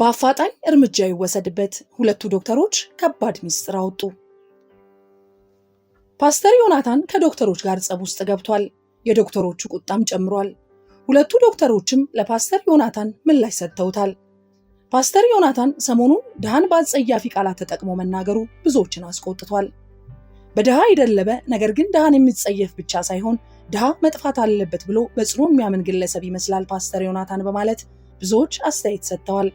በአፋጣኝ እርምጃ ይወሰድበት። ሁለቱ ዶክተሮች ከባድ ሚስጥር አወጡ። ፓስተር ዮናታን ከዶክተሮች ጋር ጸብ ውስጥ ገብቷል። የዶክተሮቹ ቁጣም ጨምሯል። ሁለቱ ዶክተሮችም ለፓስተር ዮናታን ምላሽ ሰጥተውታል። ፓስተር ዮናታን ሰሞኑን ድሃን በአጸያፊ ቃላት ተጠቅሞ መናገሩ ብዙዎችን አስቆጥቷል። በድሃ የደለበ ነገር ግን ድሃን የሚጸየፍ ብቻ ሳይሆን ድሃ መጥፋት አለበት ብሎ በጽኑ የሚያምን ግለሰብ ይመስላል ፓስተር ዮናታን በማለት ብዙዎች አስተያየት ሰጥተዋል።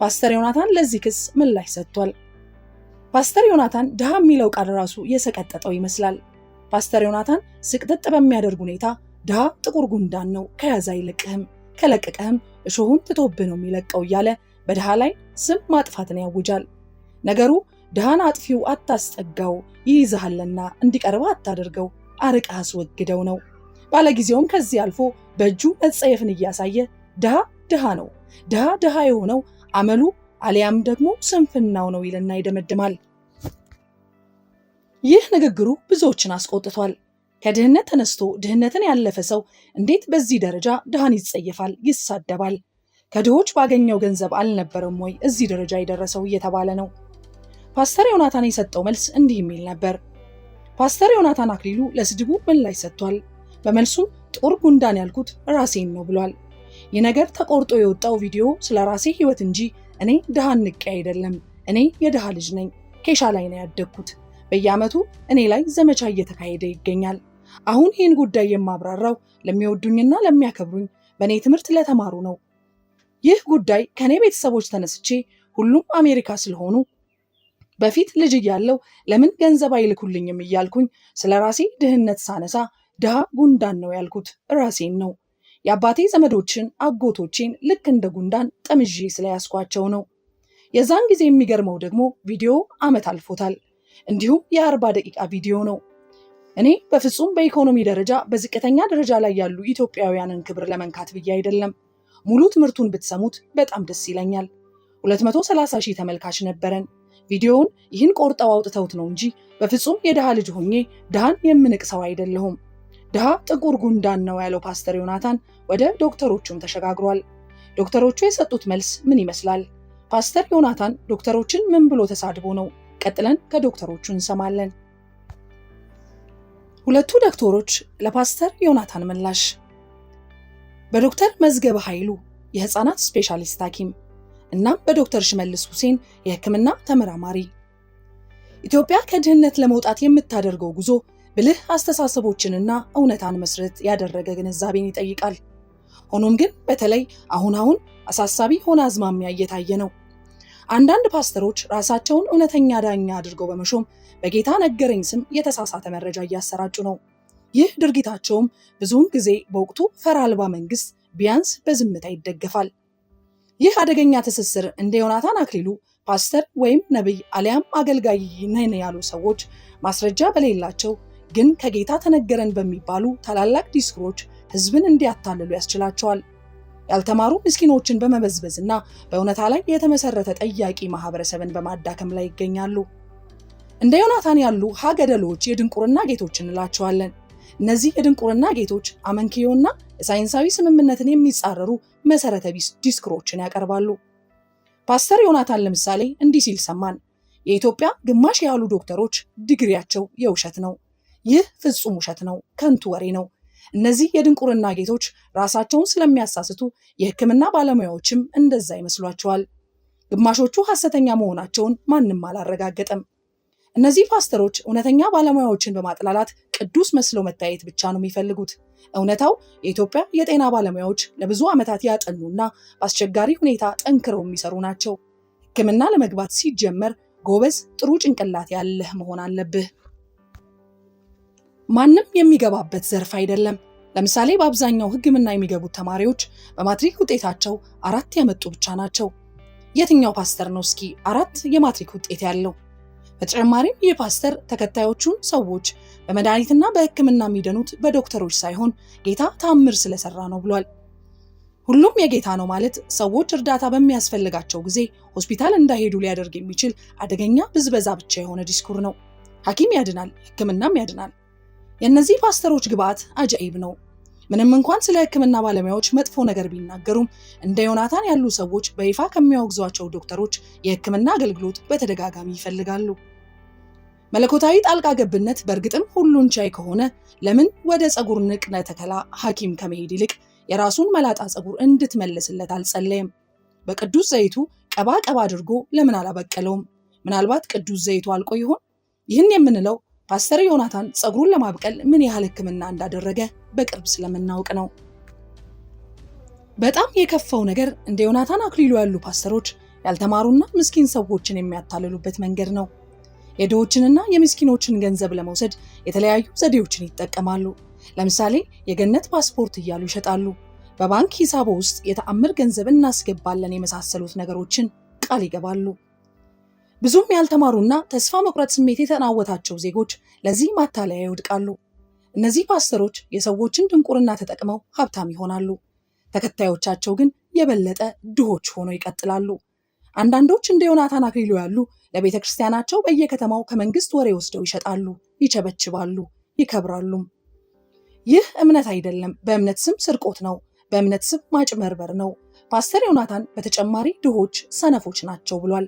ፓስተር ዮናታን ለዚህ ክስ ምላሽ ሰጥቷል። ፓስተር ዮናታን ድሃ የሚለው ቃል ራሱ የሰቀጠጠው ይመስላል። ፓስተር ዮናታን ስቅጥጥ በሚያደርግ ሁኔታ ድሃ ጥቁር ጉንዳን ነው፣ ከያዘ አይለቅህም፣ ከለቀቀህም እሾሁን ትቶብህ ነው የሚለቀው እያለ በድሃ ላይ ስም ማጥፋትን ያውጃል። ነገሩ ድሃን አጥፊው አታስጠጋው፣ ይይዝሃልና እንዲቀርበ አታደርገው፣ አርቀህ አስወግደው ነው። ባለጊዜውም ከዚህ አልፎ በእጁ መጸየፍን እያሳየ ድሃ ድሃ ነው፣ ድሃ ድሃ የሆነው አመሉ አሊያም ደግሞ ስንፍናው ነው ይልና ይደመድማል። ይህ ንግግሩ ብዙዎችን አስቆጥቷል። ከድህነት ተነስቶ ድህነትን ያለፈ ሰው እንዴት በዚህ ደረጃ ድሃን ይጸየፋል፣ ይሳደባል? ከድሆች ባገኘው ገንዘብ አልነበረም ወይ እዚህ ደረጃ የደረሰው እየተባለ ነው። ፓስተር ዮናታን የሰጠው መልስ እንዲህ የሚል ነበር። ፓስተር ዮናታን አክሊሉ ለስድቡ ምላሽ ሰጥቷል። በመልሱም ጦር ጉንዳን ያልኩት ራሴን ነው ብሏል። ይህ ነገር ተቆርጦ የወጣው ቪዲዮ ስለ ራሴ ህይወት እንጂ እኔ ድሃ ንቄ አይደለም። እኔ የድሃ ልጅ ነኝ። ኬሻ ላይ ነው ያደግኩት። በየዓመቱ እኔ ላይ ዘመቻ እየተካሄደ ይገኛል። አሁን ይህን ጉዳይ የማብራራው ለሚወዱኝና ለሚያከብሩኝ በእኔ ትምህርት ለተማሩ ነው። ይህ ጉዳይ ከእኔ ቤተሰቦች ተነስቼ ሁሉም አሜሪካ ስለሆኑ በፊት ልጅ እያለው ለምን ገንዘብ አይልኩልኝም እያልኩኝ ስለ ራሴ ድህነት ሳነሳ ድሃ ጉንዳን ነው ያልኩት ራሴን ነው። የአባቴ ዘመዶችን አጎቶቼን ልክ እንደ ጉንዳን ጠምዤ ስለያስኳቸው ነው። የዛን ጊዜ የሚገርመው ደግሞ ቪዲዮ ዓመት አልፎታል። እንዲሁም የአርባ ደቂቃ ቪዲዮ ነው። እኔ በፍጹም በኢኮኖሚ ደረጃ በዝቅተኛ ደረጃ ላይ ያሉ ኢትዮጵያውያንን ክብር ለመንካት ብዬ አይደለም። ሙሉ ትምህርቱን ብትሰሙት በጣም ደስ ይለኛል። 230 ሺህ ተመልካች ነበረን። ቪዲዮውን ይህን ቆርጠው አውጥተውት ነው እንጂ በፍጹም የድሃ ልጅ ሆኜ ድሃን የምንቅ ሰው አይደለሁም። ድሃ ጥቁር ጉንዳን ነው ያለው ፓስተር ዮናታን ወደ ዶክተሮቹም ተሸጋግሯል። ዶክተሮቹ የሰጡት መልስ ምን ይመስላል? ፓስተር ዮናታን ዶክተሮችን ምን ብሎ ተሳድቦ ነው? ቀጥለን ከዶክተሮቹ እንሰማለን። ሁለቱ ዶክተሮች ለፓስተር ዮናታን ምላሽ። በዶክተር መዝገበ ኃይሉ የህፃናት ስፔሻሊስት ሐኪም እናም በዶክተር ሽመልስ ሁሴን የህክምና ተመራማሪ ኢትዮጵያ ከድህነት ለመውጣት የምታደርገው ጉዞ ብልህ አስተሳሰቦችንና እውነታን መስረት ያደረገ ግንዛቤን ይጠይቃል። ሆኖም ግን በተለይ አሁን አሁን አሳሳቢ ሆነ አዝማሚያ እየታየ ነው። አንዳንድ ፓስተሮች ራሳቸውን እውነተኛ ዳኛ አድርገው በመሾም በጌታ ነገረኝ ስም የተሳሳተ መረጃ እያሰራጩ ነው። ይህ ድርጊታቸውም ብዙውን ጊዜ በወቅቱ ፈር አልባ መንግስት ቢያንስ በዝምታ ይደገፋል። ይህ አደገኛ ትስስር እንደ ዮናታን አክሊሉ ፓስተር ወይም ነቢይ አሊያም አገልጋይ ነን ያሉ ሰዎች ማስረጃ በሌላቸው ግን ከጌታ ተነገረን በሚባሉ ታላላቅ ዲስኩሮች ህዝብን እንዲያታልሉ ያስችላቸዋል። ያልተማሩ ምስኪኖችን በመበዝበዝ እና በእውነታ ላይ የተመሰረተ ጠያቂ ማህበረሰብን በማዳከም ላይ ይገኛሉ። እንደ ዮናታን ያሉ ሀገደሎች የድንቁርና ጌቶች እንላቸዋለን። እነዚህ የድንቁርና ጌቶች አመንኪዮና የሳይንሳዊ ስምምነትን የሚጻረሩ መሰረተ ቢስ ዲስኩሮችን ያቀርባሉ። ፓስተር ዮናታን ለምሳሌ እንዲህ ሲል ሰማን። የኢትዮጵያ ግማሽ ያሉ ዶክተሮች ዲግሪያቸው የውሸት ነው። ይህ ፍጹም ውሸት ነው፣ ከንቱ ወሬ ነው። እነዚህ የድንቁርና ጌቶች ራሳቸውን ስለሚያሳስቱ የሕክምና ባለሙያዎችም እንደዛ ይመስሏቸዋል። ግማሾቹ ሐሰተኛ መሆናቸውን ማንም አላረጋገጠም። እነዚህ ፓስተሮች እውነተኛ ባለሙያዎችን በማጥላላት ቅዱስ መስለው መታየት ብቻ ነው የሚፈልጉት። እውነታው የኢትዮጵያ የጤና ባለሙያዎች ለብዙ ዓመታት ያጠኑና በአስቸጋሪ ሁኔታ ጠንክረው የሚሰሩ ናቸው። ሕክምና ለመግባት ሲጀመር ጎበዝ፣ ጥሩ ጭንቅላት ያለህ መሆን አለብህ። ማንም የሚገባበት ዘርፍ አይደለም። ለምሳሌ በአብዛኛው ሕክምና የሚገቡት ተማሪዎች በማትሪክ ውጤታቸው አራት ያመጡ ብቻ ናቸው። የትኛው ፓስተር ነው እስኪ አራት የማትሪክ ውጤት ያለው? በተጨማሪም ይህ ፓስተር ተከታዮቹን ሰዎች በመድኃኒትና በሕክምና የሚደኑት በዶክተሮች ሳይሆን ጌታ ታምር ስለሰራ ነው ብሏል። ሁሉም የጌታ ነው ማለት ሰዎች እርዳታ በሚያስፈልጋቸው ጊዜ ሆስፒታል እንዳይሄዱ ሊያደርግ የሚችል አደገኛ ብዝበዛ ብቻ የሆነ ዲስኩር ነው። ሐኪም ያድናል፣ ሕክምናም ያድናል። የእነዚህ ፓስተሮች ግብዓት አጃኢብ ነው። ምንም እንኳን ስለ ሕክምና ባለሙያዎች መጥፎ ነገር ቢናገሩም እንደ ዮናታን ያሉ ሰዎች በይፋ ከሚያወግዟቸው ዶክተሮች የሕክምና አገልግሎት በተደጋጋሚ ይፈልጋሉ። መለኮታዊ ጣልቃ ገብነት በእርግጥም ሁሉን ቻይ ከሆነ ለምን ወደ ፀጉር ንቅለ ተከላ ሐኪም ከመሄድ ይልቅ የራሱን መላጣ ፀጉር እንድትመልስለት አልጸለየም? በቅዱስ ዘይቱ ቀባ ቀባ አድርጎ ለምን አላበቀለውም? ምናልባት ቅዱስ ዘይቱ አልቆ ይሆን? ይህን የምንለው ፓስተር ዮናታን ፀጉሩን ለማብቀል ምን ያህል ሕክምና እንዳደረገ በቅርብ ስለምናውቅ ነው። በጣም የከፋው ነገር እንደ ዮናታን አክሊሉ ያሉ ፓስተሮች ያልተማሩና ምስኪን ሰዎችን የሚያታልሉበት መንገድ ነው። የድሆችንና የምስኪኖችን ገንዘብ ለመውሰድ የተለያዩ ዘዴዎችን ይጠቀማሉ። ለምሳሌ የገነት ፓስፖርት እያሉ ይሸጣሉ። በባንክ ሂሳቦ ውስጥ የተአምር ገንዘብ እናስገባለን የመሳሰሉት ነገሮችን ቃል ይገባሉ። ብዙም ያልተማሩና ተስፋ መቁረጥ ስሜት የተናወታቸው ዜጎች ለዚህ ማታለያ ይወድቃሉ። እነዚህ ፓስተሮች የሰዎችን ድንቁርና ተጠቅመው ሀብታም ይሆናሉ፣ ተከታዮቻቸው ግን የበለጠ ድሆች ሆነው ይቀጥላሉ። አንዳንዶች እንደ ዮናታን አክሊሉ ያሉ ለቤተ ክርስቲያናቸው በየከተማው ከመንግስት ወሬ ወስደው ይሸጣሉ፣ ይቸበችባሉ፣ ይከብራሉም። ይህ እምነት አይደለም፣ በእምነት ስም ስርቆት ነው፣ በእምነት ስም ማጭመርበር ነው። ፓስተር ዮናታን በተጨማሪ ድሆች ሰነፎች ናቸው ብሏል።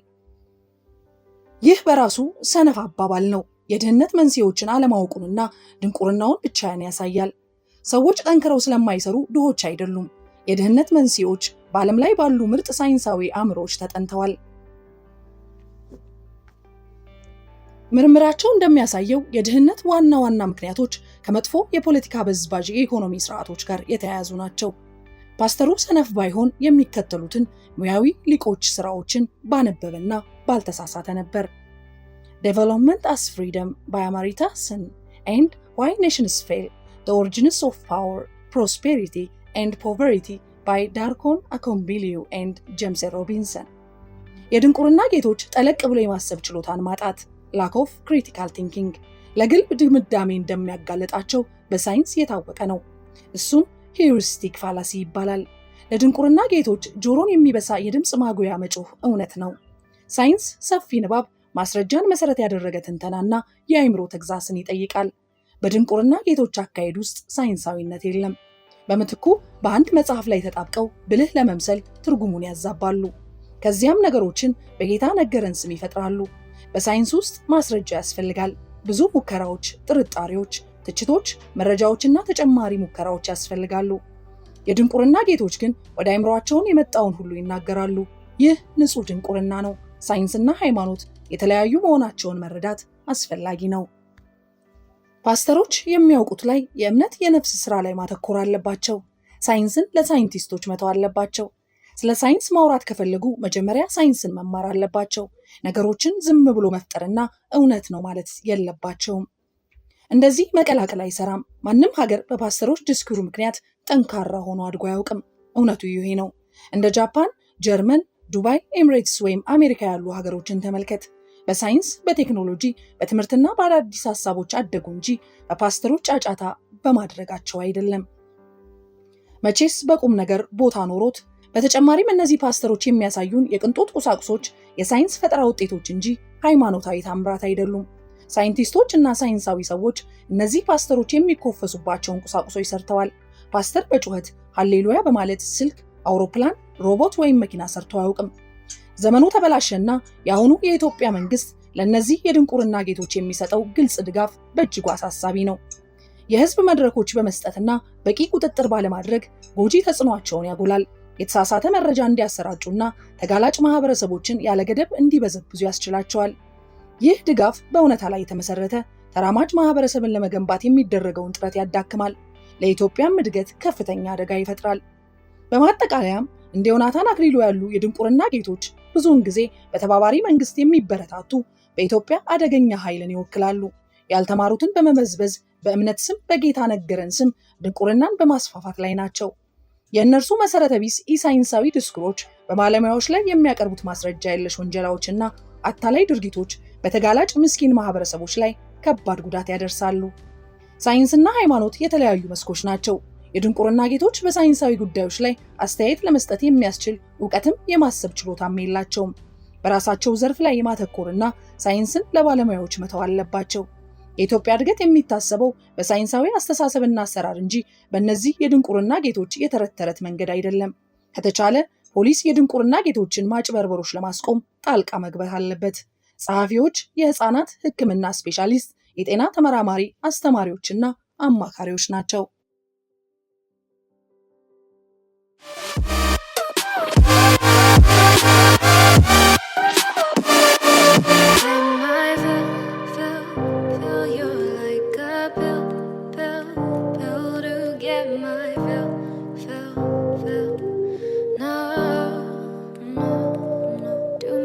ይህ በራሱ ሰነፍ አባባል ነው። የድህነት መንስኤዎችን አለማወቁንና ድንቁርናውን ብቻን ያሳያል። ሰዎች ጠንክረው ስለማይሰሩ ድሆች አይደሉም። የድህነት መንስኤዎች በዓለም ላይ ባሉ ምርጥ ሳይንሳዊ አእምሮዎች ተጠንተዋል። ምርምራቸው እንደሚያሳየው የድህነት ዋና ዋና ምክንያቶች ከመጥፎ የፖለቲካ በዝባዥ የኢኮኖሚ ስርዓቶች ጋር የተያያዙ ናቸው። ፓስተሩ ሰነፍ ባይሆን የሚከተሉትን ሙያዊ ሊቆች ስራዎችን ባነበበና ባልተሳሳተ ነበር። ዴቨሎፕመንት አስ ፍሪደም ባይ አማሪታ ስን ኤንድ ዋይ ኔሽንስ ፌል ዘ ኦሪጂንስ ኦፍ ፓወር ፕሮስፔሪቲ ኤንድ ፖቨሪቲ ባይ ዳርኮን አኮምቢሊዩ ኤንድ ጀምስ ሮቢንሰን። የድንቁርና ጌቶች ጠለቅ ብሎ የማሰብ ችሎታን ማጣት ላክ ኦፍ ክሪቲካል ቲንኪንግ ለግልብ ድምዳሜ እንደሚያጋለጣቸው በሳይንስ የታወቀ ነው። እሱም ሂዩሪስቲክ ፋላሲ ይባላል። ለድንቁርና ጌቶች ጆሮን የሚበሳ የድምፅ ማጉያ መጮህ እውነት ነው። ሳይንስ ሰፊ ንባብ፣ ማስረጃን መሰረት ያደረገ ትንተናና የአእምሮ ተግዛስን ይጠይቃል። በድንቁርና ጌቶች አካሄድ ውስጥ ሳይንሳዊነት የለም። በምትኩ በአንድ መጽሐፍ ላይ ተጣብቀው ብልህ ለመምሰል ትርጉሙን ያዛባሉ። ከዚያም ነገሮችን በጌታ ነገረን ስም ይፈጥራሉ። በሳይንስ ውስጥ ማስረጃ ያስፈልጋል። ብዙ ሙከራዎች፣ ጥርጣሬዎች፣ ትችቶች፣ መረጃዎችና ተጨማሪ ሙከራዎች ያስፈልጋሉ። የድንቁርና ጌቶች ግን ወደ አይምሯቸውን የመጣውን ሁሉ ይናገራሉ። ይህ ንጹህ ድንቁርና ነው። ሳይንስና ሃይማኖት የተለያዩ መሆናቸውን መረዳት አስፈላጊ ነው። ፓስተሮች የሚያውቁት ላይ የእምነት የነፍስ ስራ ላይ ማተኮር አለባቸው። ሳይንስን ለሳይንቲስቶች መተው አለባቸው። ስለ ሳይንስ ማውራት ከፈለጉ መጀመሪያ ሳይንስን መማር አለባቸው። ነገሮችን ዝም ብሎ መፍጠርና እውነት ነው ማለት የለባቸውም። እንደዚህ መቀላቀል አይሰራም። ማንም ሀገር በፓስተሮች ዲስኩሩ ምክንያት ጠንካራ ሆኖ አድጎ አያውቅም። እውነቱ ይሄ ነው። እንደ ጃፓን፣ ጀርመን፣ ዱባይ፣ ኤምሬትስ ወይም አሜሪካ ያሉ ሀገሮችን ተመልከት። በሳይንስ በቴክኖሎጂ በትምህርትና በአዳዲስ ሀሳቦች አደጉ እንጂ በፓስተሮች ጫጫታ በማድረጋቸው አይደለም። መቼስ በቁም ነገር ቦታ ኖሮት። በተጨማሪም እነዚህ ፓስተሮች የሚያሳዩን የቅንጦት ቁሳቁሶች፣ የሳይንስ ፈጠራ ውጤቶች እንጂ ሃይማኖታዊ ታምራት አይደሉም። ሳይንቲስቶች እና ሳይንሳዊ ሰዎች እነዚህ ፓስተሮች የሚኮፈሱባቸውን ቁሳቁሶች ሰርተዋል። ፓስተር በጩኸት ሃሌሉያ በማለት ስልክ፣ አውሮፕላን ሮቦት ወይም መኪና ሰርቶ አያውቅም። ዘመኑ ተበላሸና የአሁኑ የኢትዮጵያ መንግስት ለእነዚህ የድንቁርና ጌቶች የሚሰጠው ግልጽ ድጋፍ በእጅጉ አሳሳቢ ነው። የህዝብ መድረኮች በመስጠትና በቂ ቁጥጥር ባለማድረግ ጎጂ ተጽዕኗቸውን ያጎላል። የተሳሳተ መረጃ እንዲያሰራጩና ተጋላጭ ማህበረሰቦችን ያለ ገደብ እንዲበዘብዙ ያስችላቸዋል። ይህ ድጋፍ በእውነታ ላይ የተመሰረተ ተራማጅ ማህበረሰብን ለመገንባት የሚደረገውን ጥረት ያዳክማል፣ ለኢትዮጵያም እድገት ከፍተኛ አደጋ ይፈጥራል። በማጠቃለያም እንደ ዮናታን አክሊሉ ያሉ የድንቁርና ጌቶች ብዙውን ጊዜ በተባባሪ መንግስት የሚበረታቱ በኢትዮጵያ አደገኛ ኃይልን ይወክላሉ። ያልተማሩትን በመመዝበዝ በእምነት ስም በጌታ ነገረን ስም ድንቁርናን በማስፋፋት ላይ ናቸው። የእነርሱ መሰረተ ቢስ ኢሳይንሳዊ ድስኩሮች በባለሙያዎች ላይ የሚያቀርቡት ማስረጃ የለሽ ወንጀላዎችና አታላይ ድርጊቶች በተጋላጭ ምስኪን ማህበረሰቦች ላይ ከባድ ጉዳት ያደርሳሉ። ሳይንስና ሃይማኖት የተለያዩ መስኮች ናቸው። የድንቁርና ጌቶች በሳይንሳዊ ጉዳዮች ላይ አስተያየት ለመስጠት የሚያስችል እውቀትም የማሰብ ችሎታም የላቸውም። በራሳቸው ዘርፍ ላይ የማተኮርና ሳይንስን ለባለሙያዎች መተው አለባቸው። የኢትዮጵያ እድገት የሚታሰበው በሳይንሳዊ አስተሳሰብና አሰራር እንጂ በእነዚህ የድንቁርና ጌቶች የተረት ተረት መንገድ አይደለም። ከተቻለ ፖሊስ የድንቁርና ጌቶችን ማጭበርበሮች ለማስቆም ጣልቃ መግባት አለበት። ጸሐፊዎች፣ የህፃናት ህክምና ስፔሻሊስት፣ የጤና ተመራማሪ፣ አስተማሪዎችና አማካሪዎች ናቸው።